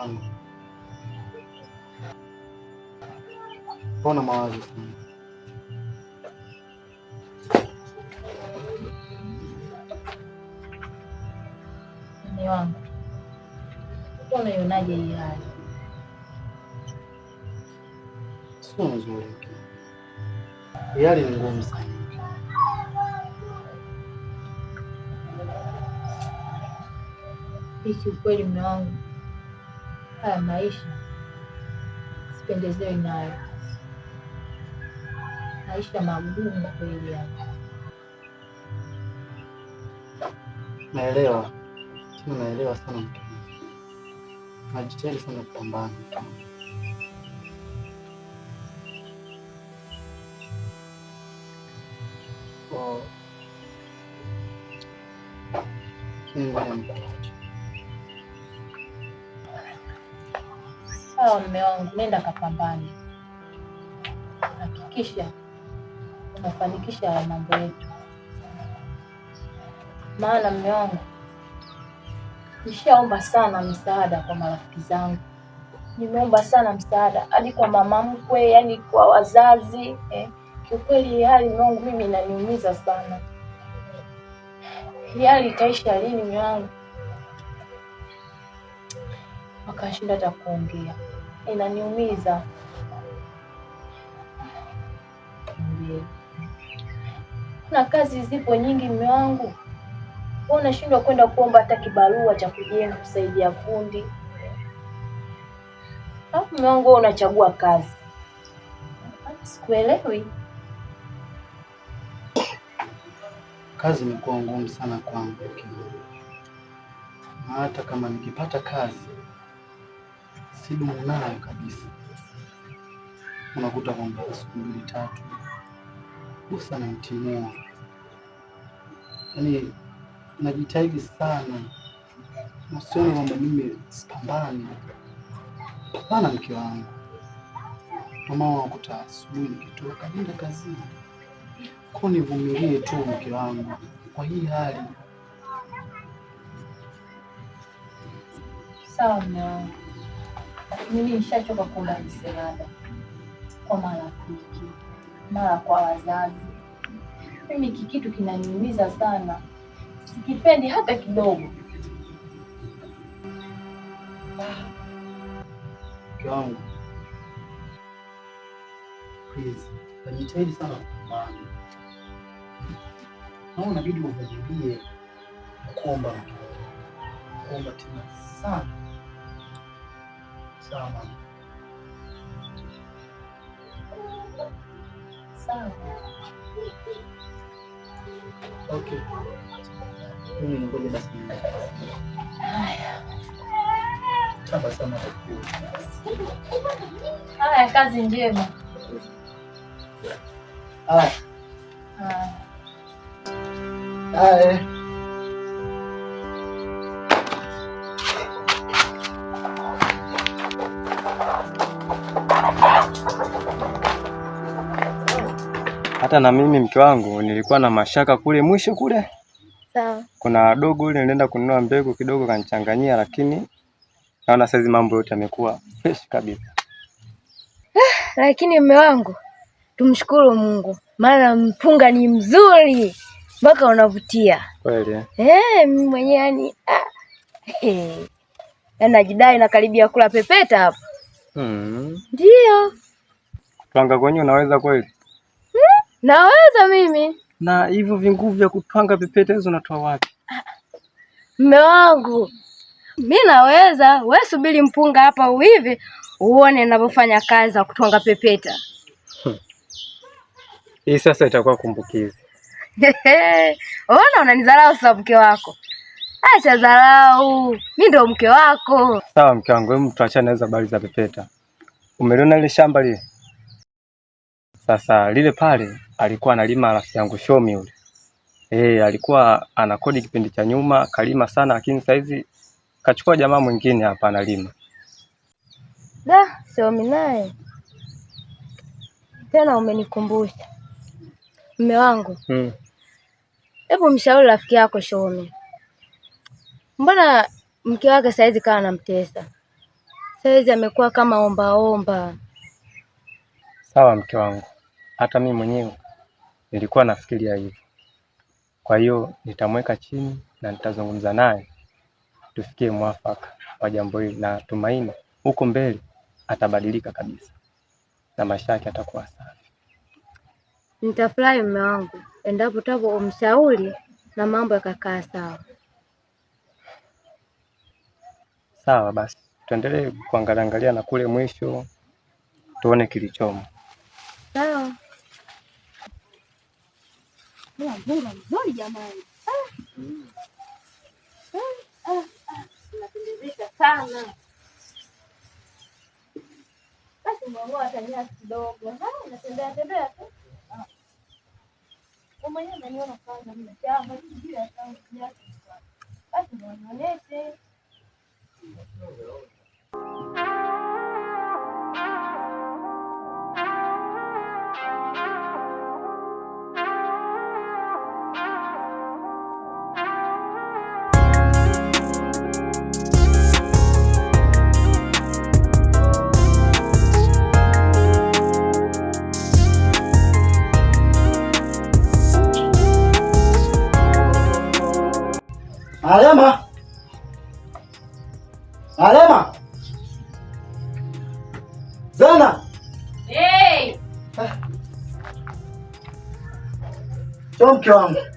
wangu. Pona mawazo wangu, unaionaje hii hali? Sio nzuri, hali ni ngumu sana. Hiki ukweli, mume wangu haya maisha sipendezewi nayo. Maisha magumu kweli hapa. Naelewa, naelewa sana mtu, najitahidi sana kupambana Sawa mume wangu, nenda kapambane, hakikisha unafanikisha haya mambo yetu, maana mume wangu nishaomba sana msaada kwa marafiki zangu, nimeomba sana msaada hadi kwa mama mkwe, yani kwa wazazi eh. Kiukweli hali mume wangu mimi inaniumiza sana. hali itaisha lini mwangu? Wakashinda hata kuongea inaniumiza. Na kazi zipo nyingi, mume wangu, wewe unashindwa kwenda kuomba hata kibarua cha kujenga kusaidia fundi. au mume wangu, unachagua kazi, sikuelewi. Kazi imekuwa ngumu sana kwangu, na hata kama nikipata kazi sido ulalo kabisa, unakuta kwamba siku mbili tatu bosi anamtimua. Yaani najitahidi sana, nasione kwamba mimi sipambani. Pambana mke wangu, mama unakuta asubuhi nikitoka nenda kazini ko, nivumilie tu mke wangu kwa hii hali. Sawa, mume wangu mimi nishachoka kula misaada kwa marafiki, mara kwa wazazi. Mimi kikitu kinaniumiza sana, sikipendi hata kidogo. Mke please, najitahidi sana kupambana na unabidi uvumilie kuomba, kuomba tena sana Sawa Haya. kazi njema. Haya. Haya. Hata na mimi mke wangu nilikuwa na mashaka kule mwisho kule. Sawa. Kuna dogo yule nilienda kununua mbegu kidogo kanichanganyia, lakini naona saizi mambo yote yamekuwa fresh kabisa. Ah, lakini mme wangu tumshukuru Mungu, maana mpunga ni mzuri mpaka unavutia kweli. Eh, mimi mwenyewe yani ah, eh. yaani najidai nakaribia kula pepeta hapo. Mm. Ndio twanga kwenye unaweza kweli Naweza mimi. Na hivyo vinguvu vya kupanga pepete hizo unatoa wapi? Mme wangu mi naweza, we subiri mpunga hapa uivi uone ninavyofanya kazi za kutwanga pepeta hmm. hii. Sasa itakuwa kumbukizi. Ona, unanizarau sasa, mke wako. Acha dharau, mi ndo mke wako. Sawa mke wangu, hebu tuachane hizo habari za pepeta. Umeliona ile shamba lile, sasa lile pale alikuwa analima rafiki yangu Shomi yule. Eh, alikuwa anakodi kipindi cha nyuma kalima sana, lakini sasa hizi kachukua jamaa mwingine hapa analima. Da, Shomi naye tena umenikumbusha mme wangu, hmm. hebu hmm, mshauri rafiki yako Shomi, mbona mke wake saizi kawa anamtesa saizi, amekuwa kama ombaomba omba. Sawa mke wangu, hata mimi mwenyewe nilikuwa nafikiria hivyo. Kwa hiyo nitamweka chini na nitazungumza naye tufikie mwafaka wa jambo hili, na tumaini huko mbele atabadilika kabisa na maisha yake atakuwa safi. Nitafurahi mume wangu endapo tapo umshauri na mambo yakakaa sawa. Sawa basi, tuendelee kuangalia angalia na kule mwisho tuone kilichomo. Sawa. Mbona mzuri jamani, napendezeka sana. Basi mwangoa atanyasi kidogo, natembea tembea tu ah. mwenyewe naniona kwanza mna chama basi nionyeshe Alema, Alema, Zana! Ei! Tom então, que homem!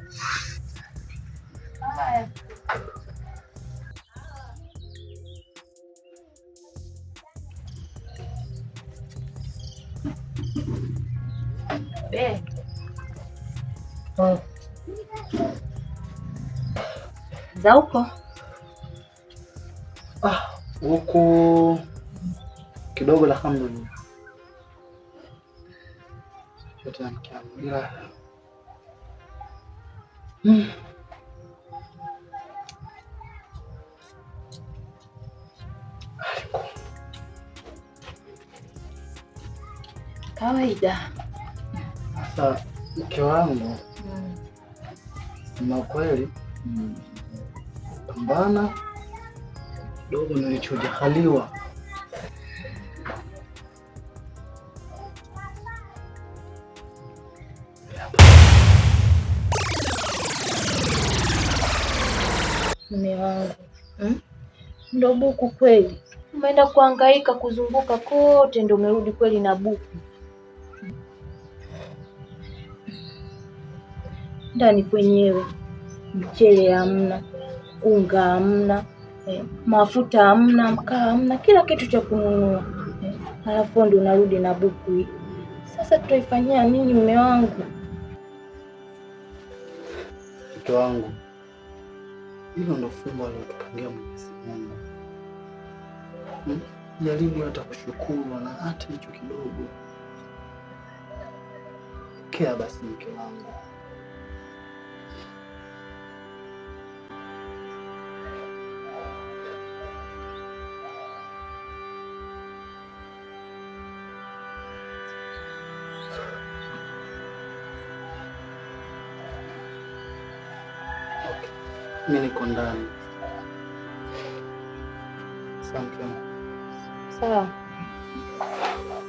B. Oh. Ah, é. za huko? Ah, huko kidogo alhamdulillah. Hmm. Kawaida. Sasa mke wangu, hmm, na kweli mm kupambana kidogo nilichojahaliwa. Mume wangu hmm? Ndo buku kweli, umeenda kuangaika kuzunguka kote, ndo umerudi kweli na buku ndani kwenyewe, mchele hamna unga hamna eh, mafuta hamna, mkaa hamna, kila kitu cha kununua eh, alafu ndio narudi na buku hii. Sasa tutaifanyia nini mume wangu? Mtoto wangu, hilo ndo fumbo alilotupangia Mwenyezi Mungu. Hmm? Jaribu hata kushukuru na hata hicho kidogo. Kea basi mke wangu. Mimi niko ndani. Asante. Sawa.